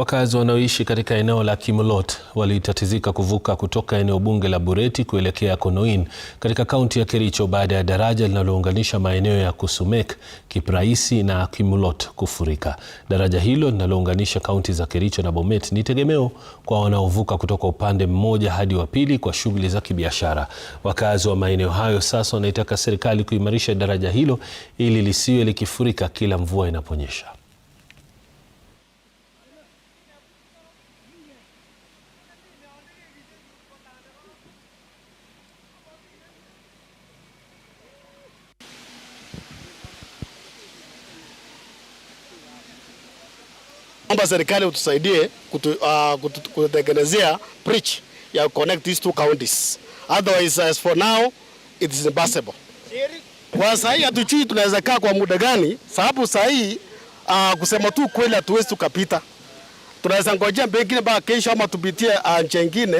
Wakazi wanaoishi katika eneo la kimlot walitatizika kuvuka kutoka eneo bunge la Bureti kuelekea Konoin katika kaunti ya Kericho baada ya daraja linalounganisha maeneo ya Kusumek, Kipraisi na kimlot kufurika. Daraja hilo linalounganisha kaunti za Kericho na Bomet ni tegemeo kwa wanaovuka kutoka upande mmoja hadi wa pili kwa shughuli za kibiashara. Wakazi wa maeneo hayo sasa wanaitaka serikali kuimarisha daraja hilo ili lisiwe likifurika kila mvua inaponyesha. Omba serikali utusaidie uh, kututengenezea uh, bridge ya connect these two counties. Otherwise, as for now, it is impossible. Kwa saa hii hatujui tunaweza kaa kwa muda gani, sababu saa hii uh, kusema tu kweli hatuwezi tukapita. Tunaweza ngojea pengine mpaka kesho ama tupitie uh, njia nyingine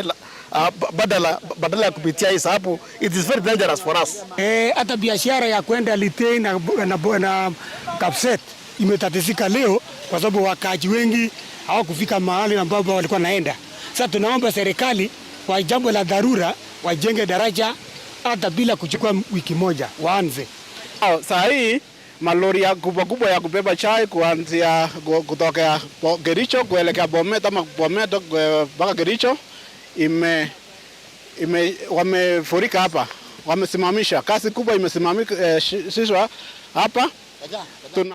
uh, badala badala ya kupitia hii sababu it is very dangerous for us. Eh, hata biashara ya kwenda Litein na, na, na, na kapset imetatizika leo kwa sababu wakaaji wengi hawakufika mahali ambapo walikuwa naenda. Sasa tunaomba serikali kwa jambo la dharura wajenge daraja hata bila kuchukua wiki moja waanze. Saa hii malori kubwa kubwa ya kubeba chai kuanzia kutokea Kericho kuelekea Bomet ama Bomet eh, mpaka Kericho ime, ime, wamefurika hapa, wamesimamisha kazi kubwa imesimamishwa eh, hapa Tuna...